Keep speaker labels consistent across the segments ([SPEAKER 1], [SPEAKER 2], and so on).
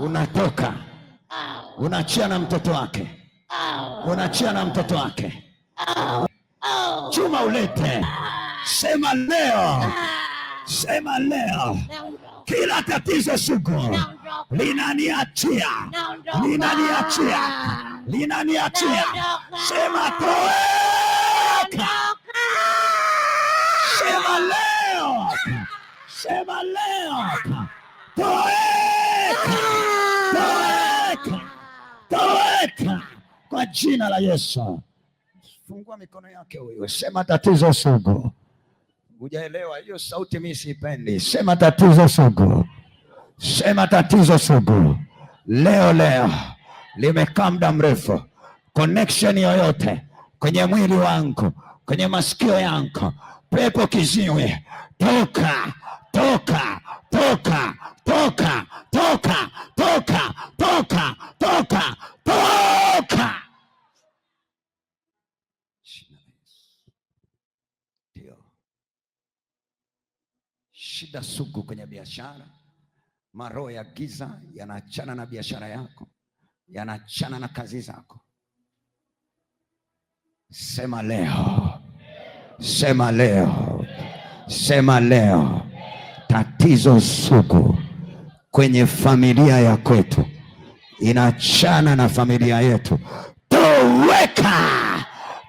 [SPEAKER 1] unatoka, unachia na mtoto wake, unaachia na mtoto wake. Chuma ulete, sema leo, sema leo, kila tatizo sugu linaniachia, linaniachia, linaniachia, sema toka, sema leo, sema leo, toka toweka kwa jina la Yesu. Fungua mikono yake huyo, sema tatizo sugu. Hujaelewa hiyo sauti, mimi siipendi. Sema tatizo sugu, sema tatizo sugu. Leo leo limekaa muda mrefu, connection yoyote kwenye mwili wangu, kwenye masikio yangu, pepo kiziwi, toka toka toka toka toka toka, toka, toka, toka. shida sugu kwenye biashara. Maroho ya giza yanaachana na biashara yako, yanaachana na kazi zako. Sema leo, sema leo, sema leo, tatizo sugu kwenye familia ya kwetu, inachana na familia yetu. Toweka,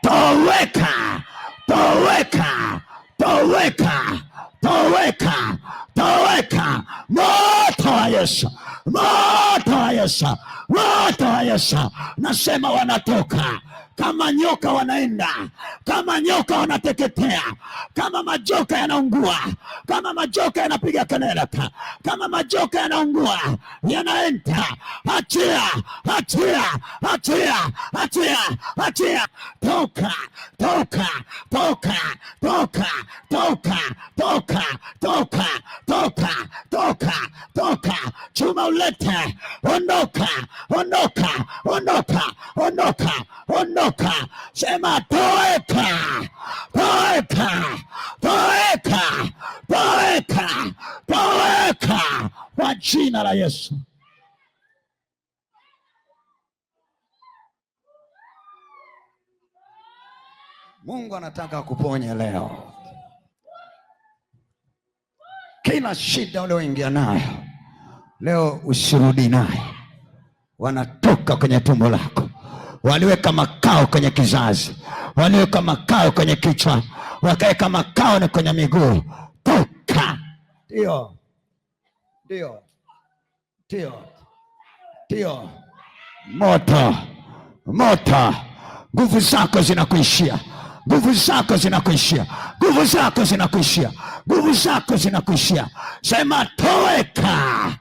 [SPEAKER 1] toweka, toweka, toweka, toweka, toweka moto wa Yesu Moto wa Yesu, wa Yesu. Nasema wanatoka kama nyoka, wanaenda kama nyoka, wanateketea kama majoka yanaungua, kama majoka yanapiga kelele, kama majoka yanaungua, yanaenda. Achia, achia, achia, achia, achia! Toka, toka, toka, toka, toka, toka, toka, toka, toka, toka! chuma kuleta. Ondoka, ondoka, ondoka, ondoka, ondoka! Sema toeka, toeka, toeka, toeka, toeka kwa jina la Yesu. Mungu anataka kuponya leo kila shida ulioingia nayo Leo ushirudi naye, wanatoka kwenye tumbo lako, waliweka makao kwenye kizazi, waliweka makao kwenye kichwa, wakaweka makao na kwenye miguu. Toka! Ndio, ndio, ndio, ndio. Moto, moto! Nguvu zako zinakuishia nguvu zako zinakuishia, nguvu zako zinakuishia, nguvu zako zinakuishia. Sema toweka!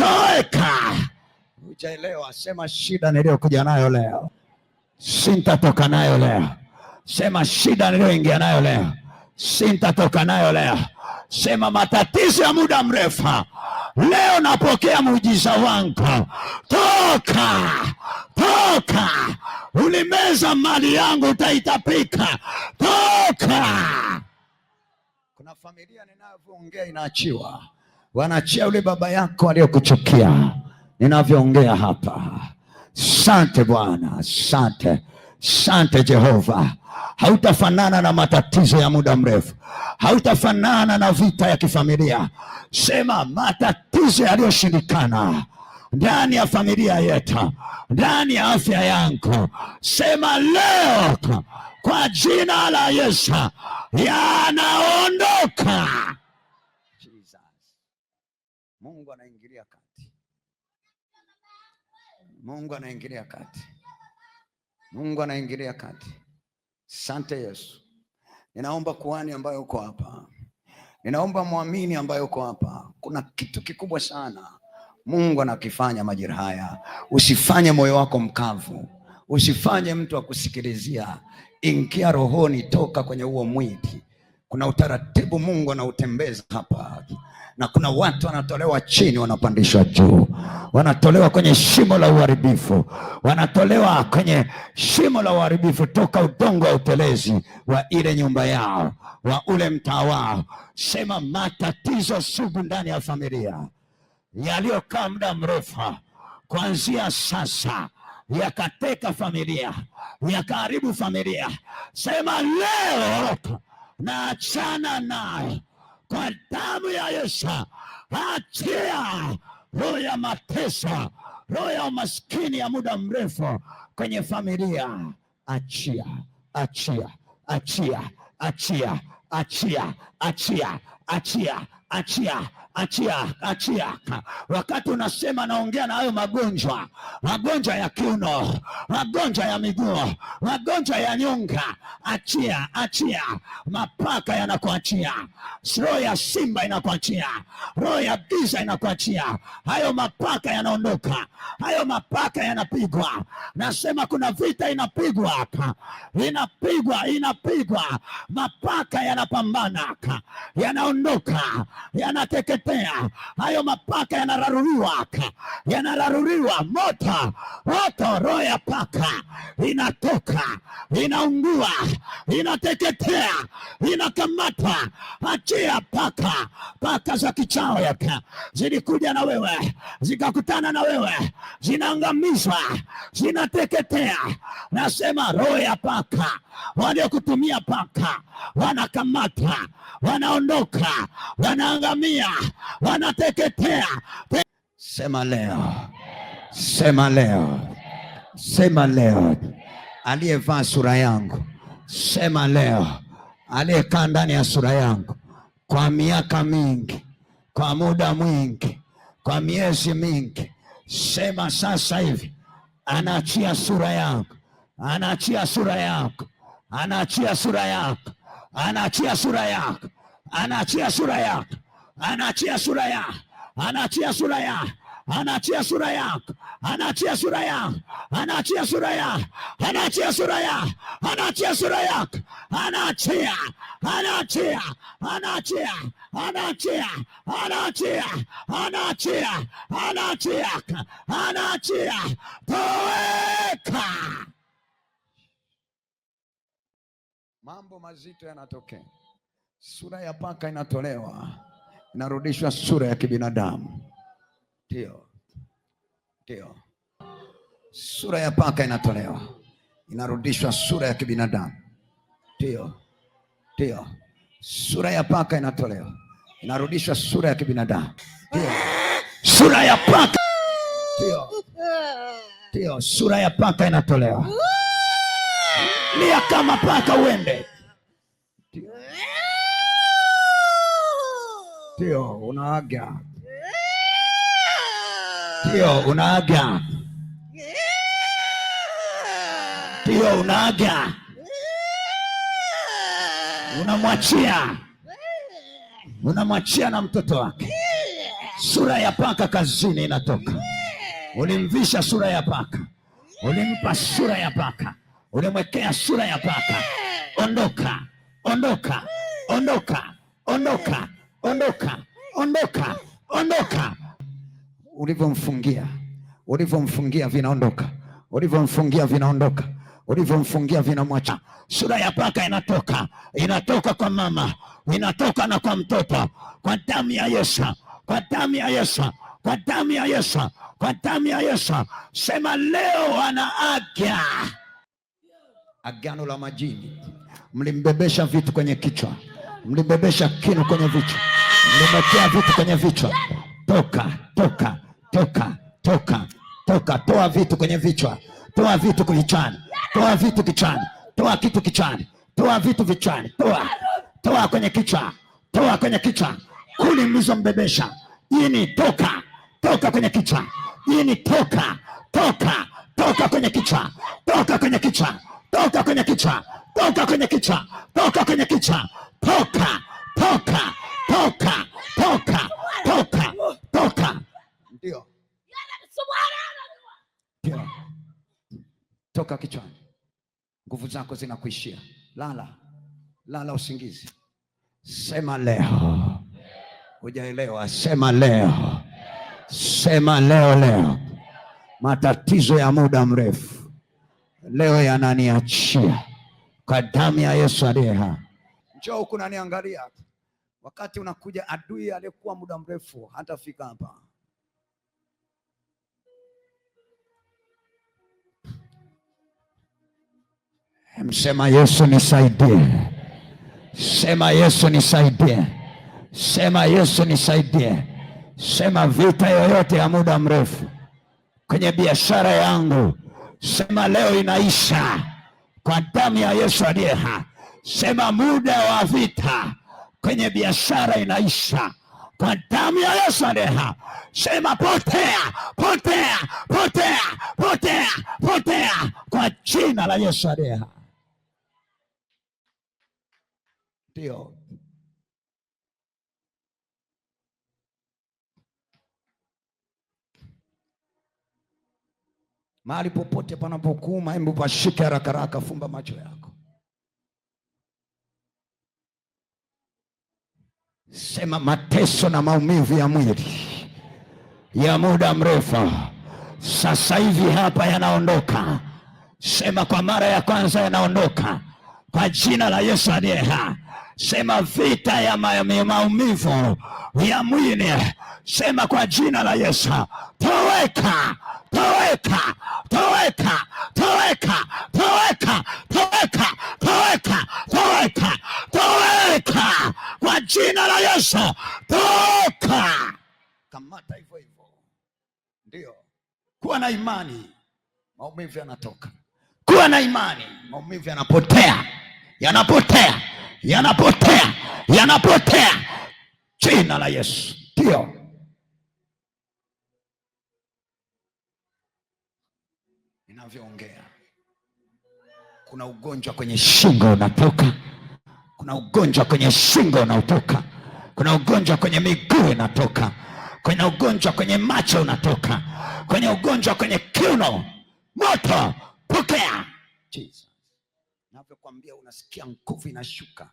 [SPEAKER 1] Nitatoka. Ujaelewa? Sema shida niliyokuja nayo leo sintatoka nayo leo. Sema shida niliyoingia nayo leo sintatoka nayo leo. Sema matatizo ya muda mrefu leo napokea muujiza wangu. Toka, toka! Ulimeza mali yangu, utaitapika. Toka! Kuna familia ninavyoongea inaachiwa wanaachia yule baba yako aliyokuchukia. Ninavyoongea hapa, sante Bwana, sante Sante Jehova, hautafanana na matatizo ya muda mrefu, hautafanana na vita ya kifamilia. Sema matatizo yaliyoshindikana ndani ya familia yetu, ndani ya afya yangu, sema leo kwa jina la Yesu yanaondoka. Mungu anaingilia kati, Mungu anaingilia kati. Sante Yesu. Ninaomba kuhani ambayo uko hapa, ninaomba mwamini ambayo uko hapa, kuna kitu kikubwa sana Mungu anakifanya majira haya. Usifanye moyo wako mkavu, usifanye mtu akusikilizia. Ingia rohoni, toka kwenye huo mwili. Kuna utaratibu Mungu anautembeza hapa na kuna watu wanatolewa chini, wanapandishwa juu, wanatolewa kwenye shimo la uharibifu, wanatolewa kwenye shimo la uharibifu, toka udongo wa utelezi wa ile nyumba yao, wa ule mtaa wao. Sema matatizo sugu ndani ya familia yaliyokaa muda mrefu, kuanzia sasa yakateka familia, yakaharibu familia. Sema leo naachana naye kwa damu ya Yesu, achia roho ya mateso, roho ya umaskini ya muda mrefu kwenye familia. Achia, achia, achia, achia, achia, achia, achia, achia, achia. Achia, achia. Wakati unasema naongea na hayo magonjwa, magonjwa ya kiuno, magonjwa ya miguu, magonjwa ya nyonga, achia, achia. Mapaka yanakuachia, roho ya simba inakuachia, roho ya giza inakuachia. Hayo mapaka yanaondoka, hayo mapaka yanapigwa. Nasema kuna vita inapigwa hapa, inapigwa, inapigwa, mapaka yanapambana, yanaondoka, yanateke kuteketea, hayo mapaka yanararuliwa, yanararuliwa moto moto, roho ya paka inatoka, inaungua, inateketea, inakamata. Achia paka, paka za yaka zilikuja na wewe, zikakutana na wewe, zinaangamizwa, zinateketea. Nasema roho ya paka, waliokutumia paka wanakamata, wanaondoka, wanaangamia wanateketea. Sema leo, sema leo, sema leo, aliyevaa sura yangu, sema leo, aliyekaa ndani ya sura yangu kwa miaka mingi, kwa muda mwingi, kwa miezi mingi, sema sasa hivi anaachia sura yangu, anaachia sura yako, anaachia sura yako, anaachia sura yako, anaachia sura yako anaachia sura ya anaachia sura ya anaachia sura ya anaachia sura ya anaachia sura ya anaachia sura ya anaachia sura ya anaachia anaachia anaachia anaachia anaachia anaachia anaachia anaachia toweka. Mambo mazito yanatokea, sura ya paka inatolewa inarudishwa sura ya kibinadamu. Ndio, ndio, sura ya paka inatolewa, inarudishwa sura ya kibinadamu. Ndio, ndio, sura ya paka inatolewa, inarudishwa sura ya kibinadamu. Ndio, sura ya paka, ndio, ndio, sura ya paka inatolewa. Lia kama paka uende. Ndio. Sio unaaga, sio unaaga, sio unaaga, unamwachia, unamwachia na mtoto wake. Sura ya paka kazini inatoka. Ulimvisha sura ya paka, ulimpa sura ya paka, ulimwekea sura ya paka. Ondoka, ondoka, ondoka, ondoka ondoka, ondoka, ondoka. Ulivyomfungia, ulivyomfungia vinaondoka, ulivyomfungia vinaondoka, ulivyomfungia vinamwacha. Sura ya paka inatoka, inatoka kwa mama, inatoka na kwa mtoto, kwa damu ya Yesu, kwa damu ya Yesu, kwa damu ya Yesu, kwa damu ya Yesu. Sema leo wanaaga agano la majini. Mlimbebesha vitu kwenye kichwa mlibebesha kinu kwenye vichwa, mlimekea vitu kwenye vichwa. Toka, toka, toka, toka, toka! Toa vitu kwenye vichwa, toa vitu kichwani, toa vitu kichwani, toa kitu kichwani, toa vitu vichwani, toa, toa kwenye kichwa, toa kwenye kichwa, kuni mlizombebesha ini. Toka, toka kwenye kichwa ini, toka, toka, toka kwenye kichwa, toka kwenye kichwa toka kwenye kichwa, toka kwenye kichwa, toka kwenye kichwa, toka, toka, toka, toka, toka, toka, ndio toka kichwani. Nguvu zako zinakuishia. Lala, lala usingizi. Sema leo, hujaelewa. Sema leo, sema leo, leo matatizo ya muda mrefu leo yananiachia kwa damu ya Yesu aliye hai. Njoo huku naniangalia wakati unakuja adui aliyekuwa muda mrefu hatafika hapa. Msema Yesu nisaidie, sema Yesu nisaidie, sema Yesu nisaidie, sema vita yoyote ya muda mrefu kwenye biashara yangu Sema leo inaisha kwa damu ya Yesu aliye hai. Sema muda wa vita kwenye biashara inaisha kwa damu ya Yesu aliye hai. Sema potea, potea, potea, potea, potea kwa jina la Yesu aliye hai. Ndio. Mahali popote panapokuuma, hebu pashike haraka haraka, fumba macho yako, sema mateso na maumivu ya mwili ya muda mrefu sasa hivi hapa yanaondoka. Sema kwa mara ya kwanza yanaondoka kwa jina la Yesu aliyeha. Sema vita ya maumivu ya mwili, sema kwa jina la Yesu, toweka toweka, toweka, toweka, toweka, toweka, toweka, toweka, toweka kwa jina la Yesu, toka. Kamata hivyo hivyo, ndio kuwa na imani, maumivu yanatoka. Kuwa na imani, maumivu yanapotea, yanapotea, yanapotea, yanapotea, jina la Yesu, ndio ninavyoongea. Kuna ugonjwa kwenye shingo unatoka, kuna ugonjwa kwenye shingo unatoka, kuna ugonjwa kwenye miguu inatoka kuna ugonjwa kwenye macho unatoka, kwenye ugonjwa kwenye kiuno, moto pokea Jesus. Navyokwambia unasikia nguvu inashuka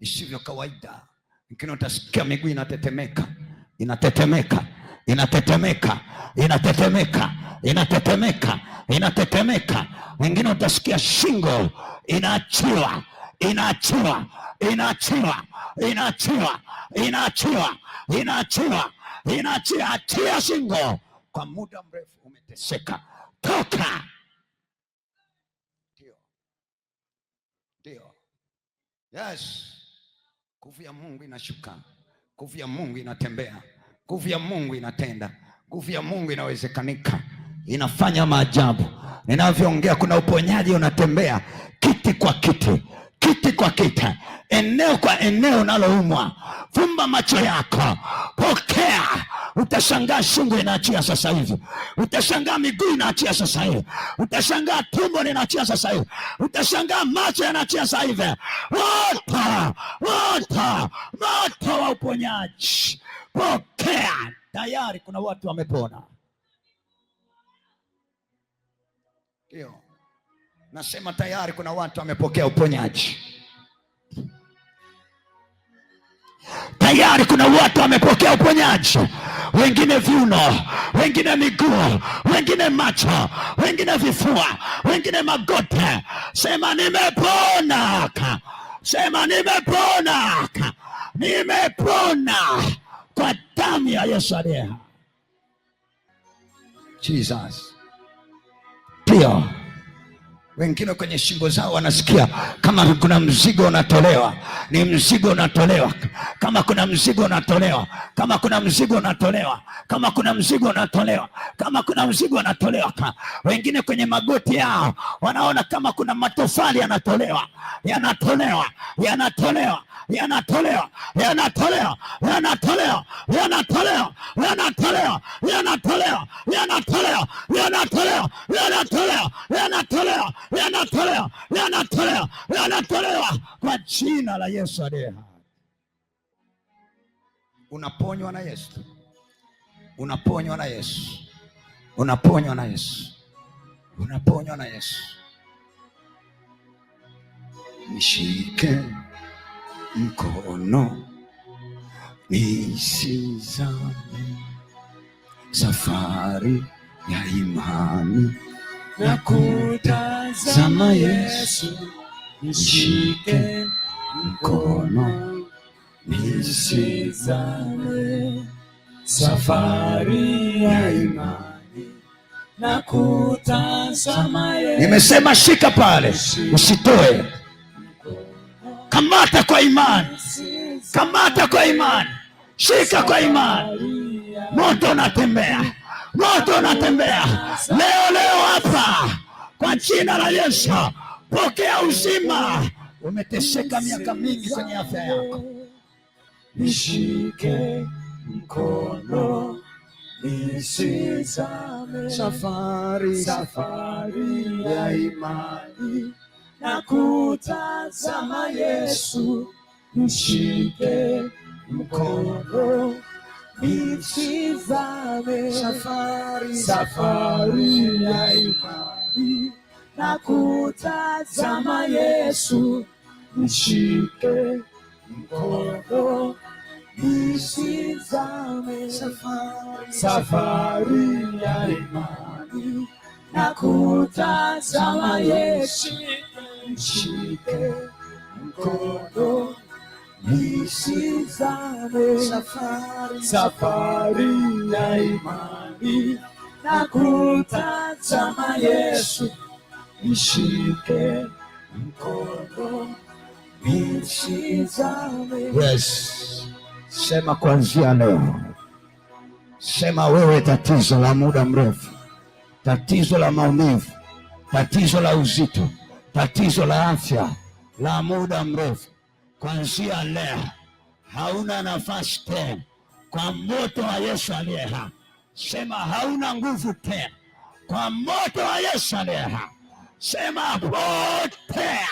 [SPEAKER 1] isivyo kawaida, lakini utasikia miguu inatetemeka, inatetemeka inatetemeka, inatetemeka, inatetemeka, inatetemeka. Wengine utasikia shingo inaachiwa, inaachiwa, inaachiwa, inaachiwa, inaachiwa, inaachiwa, inaachia. Achia shingo, kwa muda mrefu umeteseka, toka. ndio, yes. Nguvu ya Mungu inashuka, nguvu ya Mungu inatembea Nguvu ya Mungu inatenda, nguvu ya Mungu inawezekanika, inafanya maajabu. Ninavyoongea kuna uponyaji unatembea, kiti kwa kiti, kiti kwa kiti, eneo kwa eneo unaloumwa. Fumba macho yako, pokea. Utashangaa shingo inaachia sasa hivi, utashangaa miguu inaachia sasa hivi, utashangaa tumbo linaachia sasa hivi, utashangaa macho yanaachia sasa hivi. Moto, moto, moto wa uponyaji pokea. Tayari kuna watu wamepona. Ndio nasema tayari kuna watu wamepokea uponyaji. Tayari kuna watu wamepokea uponyaji, wengine viuno, wengine miguu, wengine macho, wengine vifua, wengine magote Sema nimepona, sema nimepona, nimepona damu ya Yesu aliye hai. Jesus. Pia wengine kwenye shingo zao wanasikia kama kuna mzigo unatolewa, ni mzigo unatolewa, kama kuna mzigo unatolewa, kama kuna mzigo unatolewa, kama kuna mzigo unatolewa, kama kuna mzigo unatolewa. Wengine kwenye magoti yao wanaona kama kuna matofali yanatolewa, yanatolewa, yanatolewa yanatolewa, yanatolewa, yanatolewa, yanatolewa, yanatolewa, yanatolewa, yanatolewa, yanatolewa, yanatolewa, yanatolewa, yanatolewa, yanatolewa, yanatolewa kwa jina la Yesu aliye Unaponywa na Yesu, unaponywa na Yesu, unaponywa na Yesu, unaponywa na Yesu. Nishike mkono nisizame safari ya imani na kutazama Yesu, nishike mkono nisizame safari ya imani na kutazama Yesu. Nimesema shika pale, usitoe. Kamata kwa imani, kamata kwa imani, shika kwa imani. Moto unatembea, moto unatembea leo leo hapa, kwa jina la Yesu pokea uzima. Umeteseka miaka mingi kwenye afya yako, nishike mkono nisizame safari, safari ya imani na kutazama Yesu, mshike mkono, itizame safari, safari ya imani, na kutazama Yesu, mshike mkono, itizame safari, safari ya imani, na kutazama Yesu nishike mkono nisizame, safari safari ya imani na kutazama Yesu, nishike mkono nisizame. Yes, sema kuanzia leo, sema wewe, tatizo la muda mrefu, tatizo la maumivu, tatizo la uzito tatizo la afya la muda mrefu, kuanzia leo hauna nafasi tena kwa moto wa Yesu aliye hai. Sema hauna nguvu tena kwa moto wa Yesu aliye hai. Sema potea.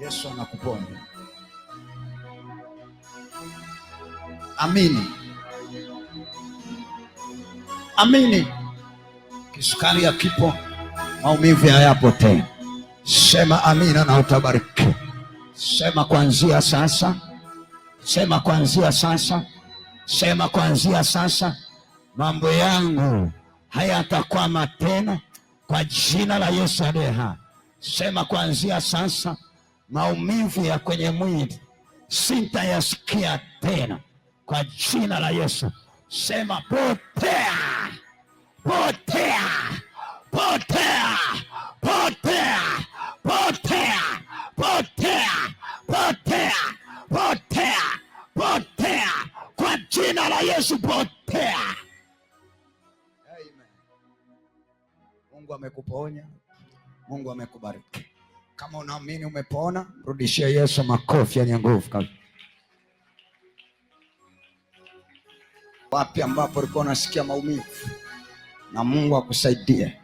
[SPEAKER 1] Yesu anakuponya. Amini, amini kisukari ya kipo, maumivu hayapo tena. Sema amina na utabariki. Sema kuanzia sasa, sema kuanzia sasa, sema kuanzia sasa mambo yangu hayatakwama tena kwa jina la Yesu aliye hai. Sema kuanzia sasa maumivu ya kwenye mwili sintayasikia tena kwa jina la Yesu. Sema potea, potea potea, potea, potea, potea, potea, potea, potea, potea kwa jina la Yesu, potea. Amen. Mungu amekuponya, Mungu amekubariki. Kama unaamini umepona, mrudishie Yesu makofi yenye nguvu Wapi ambapo ulikuwa unasikia maumivu na Mungu akusaidie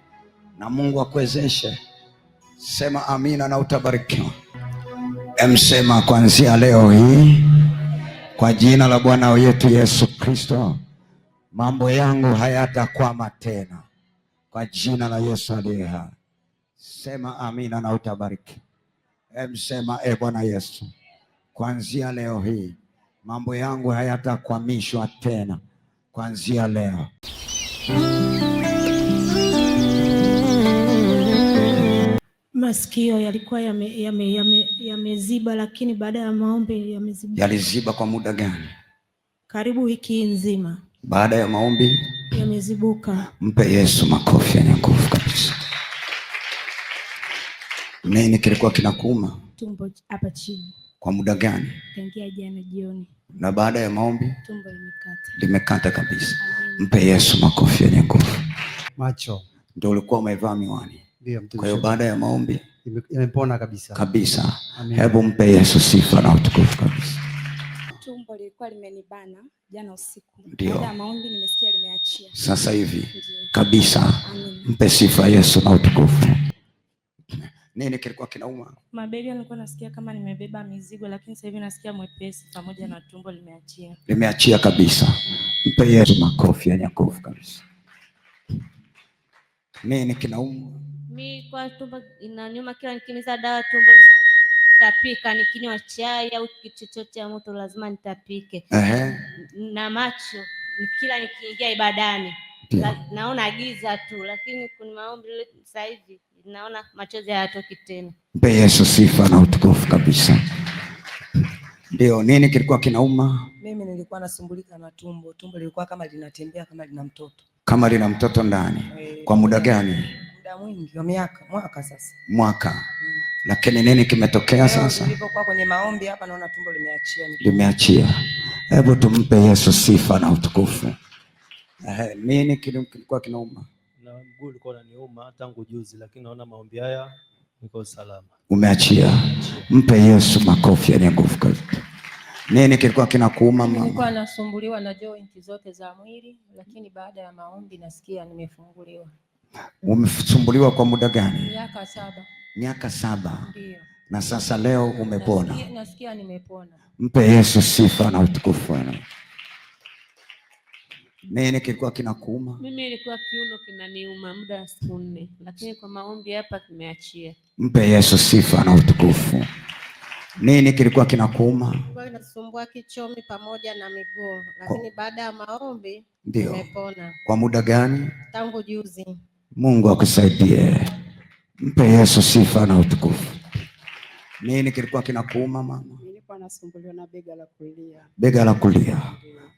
[SPEAKER 1] na Mungu akuwezeshe. Sema amina na utabarikiwa. Emsema kuanzia leo hii, kwa jina la Bwana wetu Yesu Kristo, mambo yangu hayatakwama tena, kwa jina la Yesu aliye hai. Sema amina na utabariki. Emsema e Bwana Yesu, kuanzia leo hii mambo yangu hayatakwamishwa tena, kuanzia leo masikio yalikuwa yameziba yame, yame, yame, lakini baada ya maombi yameziba. Yaliziba kwa muda gani? Karibu wiki nzima. Baada ya maombi yamezibuka. Mpe Yesu makofi yenye nguvu kabisa. Nini kilikuwa kinakuuma? Tumbo hapa chini. Kwa muda gani? Tangia jana jioni. Na baada ya maombi tumbo limekata, limekata kabisa. Mpe Yesu makofi yenye nguvu. Macho ndio ulikuwa umevaa miwani kwa hiyo baada ya maombi imepona kabisa kabisa. Hebu mpe Yesu sifa na utukufu kabisa. Tumbo lilikuwa limenibana jana usiku, baada ya maombi nimesikia limeachia sasa hivi kabisa. Amen. Mpe sifa Yesu na utukufu. Nini kilikuwa kinauma? Mabega nilikuwa nasikia kama nimebeba mizigo, lakini sasa hivi nasikia mwepesi pamoja na tumbo limeachia, limeachia kabisa. Mpe Yesu makofi ya nyakofu kabisa. Nini kinauma? mi kwa tumbo ina nyuma, kila nikimiza dawa tumbo na kutapika, nikinywa chai au kitu chochote cha moto lazima nitapike. Ehe. na macho kila nikiingia ibadani yeah. La, naona giza tu, lakini kuna maombi sasa hivi naona machozi hayatoki tena. Mpe Yesu sifa na utukufu kabisa. Ndio, nini kilikuwa kinauma? Mimi nilikuwa nasumbulika na tumbo, tumbo lilikuwa kama linatembea kama lina mtoto, kama lina mtoto ndani. Kwa muda gani? muda mwingi wa miaka mwaka sasa, mwaka mm. Lakini nini kimetokea sasa? Nilipokuwa kwenye maombi hapa, naona tumbo limeachia, limeachia. Hebu tumpe Yesu sifa na utukufu. Eh, nini kilikuwa kinauma? Na mguu ulikuwa unaniuma tangu juzi, lakini naona maombi haya niko salama. Umeachia, mpe Yesu makofi yenye nguvu kazi. Nini kilikuwa kinakuuma mama? Nilikuwa nasumbuliwa na joint zote za mwili, lakini baada ya maombi nasikia nimefunguliwa. Umesumbuliwa kwa muda gani? Miaka saba. Miaka saba. Ndiyo. Na sasa leo umepona. Nasikia, nasikia nimepona. Mpe Yesu sifa na utukufu. Nini kilikuwa kinakuuma? Mimi ilikuwa kiuno kinaniuma muda wa siku nne, lakini kwa maombi hapa kimeachia. Mpe Yesu sifa na utukufu. Nini kilikuwa kinakuuma? Kwa inasumbua kichomi pamoja na miguu, lakini baada ya maombi nimepona. Kwa muda gani? Tangu juzi. Mungu akusaidie, mpe Yesu sifa na utukufu. Nini kilikuwa kinakuuma mama? Nilikuwa nasumbuliwa na bega la kulia. Bega la kulia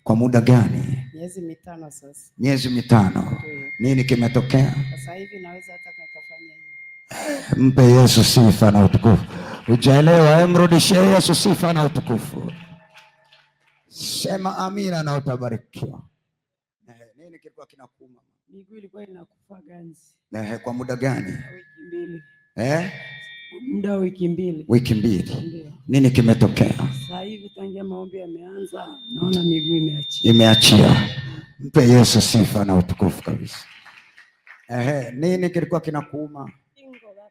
[SPEAKER 1] kwa muda gani? Miezi mitano sasa. Miezi mitano. Nini kimetokea? Sasa hivi naweza hata kufanya hivi. Mpe Yesu sifa na utukufu. Ujaelewa, emrudishie Yesu sifa na utukufu. Sema amina na utabarikiwa. Eh, nini kilikuwa kinakuuma? miguu ilikuwa inakufa ganzi. Eh, kwa muda gani? Wiki mbili. Eh? Muda wa wiki mbili. Wiki mbili. Nini kimetokea? Sasa hivi tangia maombi yameanza, naona miguu imeachia. Imeachia. Mpe Yesu sifa na utukufu kabisa. Eh, nini kilikuwa kinakuuma? Shingo.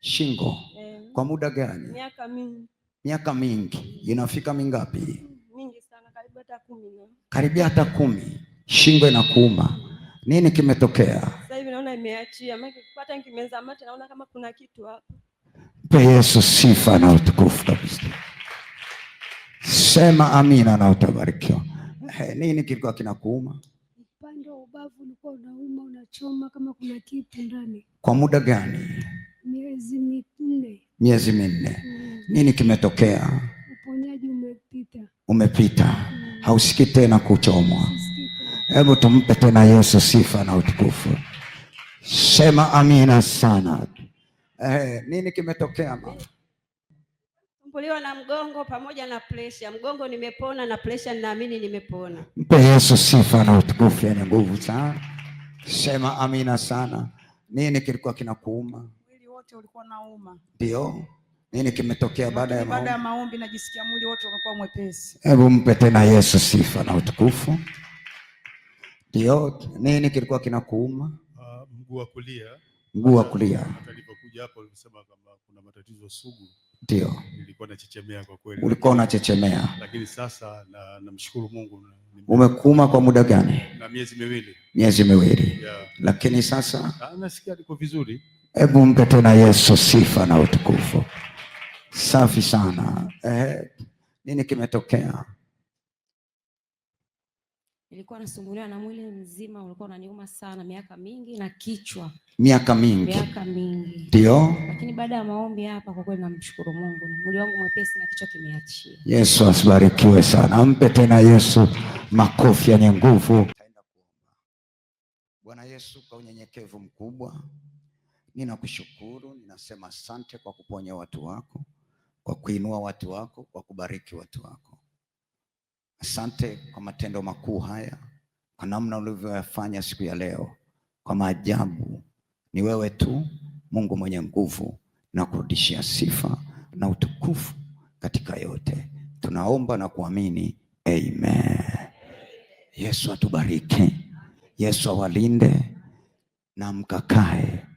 [SPEAKER 1] Shingo. Eh. Kwa muda gani? Miaka mingi. Miaka mingi. Inafika mingapi? Mingi sana, karibia hata kumi. Karibia hata kumi. Shingo inakuuma. Mm. Nini kimetokea? Sasa hivi naona imeachia. Maana nikipata nikimeza mate naona kama kuna kitu hapo. Pe Yesu sifa na utukufu kabisa. Sema amina na utabarikiwa. Hey, nini kilikuwa kinakuuma? Upande wa ubavu ulikuwa unauma, unachoma kama kuna kitu ndani. Kwa muda gani? Miezi minne. Miezi minne. Mm. Nini kimetokea? Uponyaji umepita. Umepita. Mm. Hausiki tena kuchomwa. Hebu tumpe tena Yesu sifa na utukufu. Sema amina sana. Eh, nini kimetokea mama? Tumbuliwa na mgongo pamoja na presha. Mgongo nimepona na presha ninaamini nimepona. Mpe Yesu sifa na utukufu, yenye nguvu sana. Sema amina sana. Nini kilikuwa kinakuuma? Mwili wote ulikuwa nauma. Ndio. Nini kimetokea baada ya maombi? Baada ya maombi najisikia mwili wote umekuwa mwepesi. Hebu mpe tena Yesu sifa na utukufu. Ndio, nini kilikuwa kinakuuma? Uh, mguu wa kulia. Mguu wa kulia. Hata nilipokuja hapo nilisema kama kuna matatizo sugu. Ndio. Nilikuwa nachechemea kwa kweli. Ulikuwa unachechemea. Lakini sasa na namshukuru Mungu. Umekuuma kwa muda gani? Na miezi miwili. Miezi miwili. Yeah. Lakini sasa ah, nasikia niko vizuri. Hebu mpe tena Yesu sifa na utukufu. Safi sana. Eh, nini kimetokea? Nilikuwa nasumbuliwa na mwili mzima ulikuwa unaniuma sana miaka mingi na kichwa. Miaka mingi. Miaka mingi. Ndio. Lakini baada ya maombi hapa kwa kweli namshukuru Mungu. Mwili wangu mwepesi na kichwa kimeachia. Yesu asibarikiwe sana. Ampe tena Yesu makofi yenye nguvu. Bwana Yesu, kwa unyenyekevu mkubwa ninakushukuru, ninasema asante kwa kuponya watu wako, kwa kuinua watu wako, kwa kubariki watu wako. Asante kwa matendo makuu haya, kwa namna ulivyoyafanya siku ya leo, kwa maajabu. Ni wewe tu Mungu mwenye nguvu, na kurudishia sifa na utukufu katika yote. Tunaomba na kuamini, amen. Yesu atubariki, Yesu awalinde na mkakae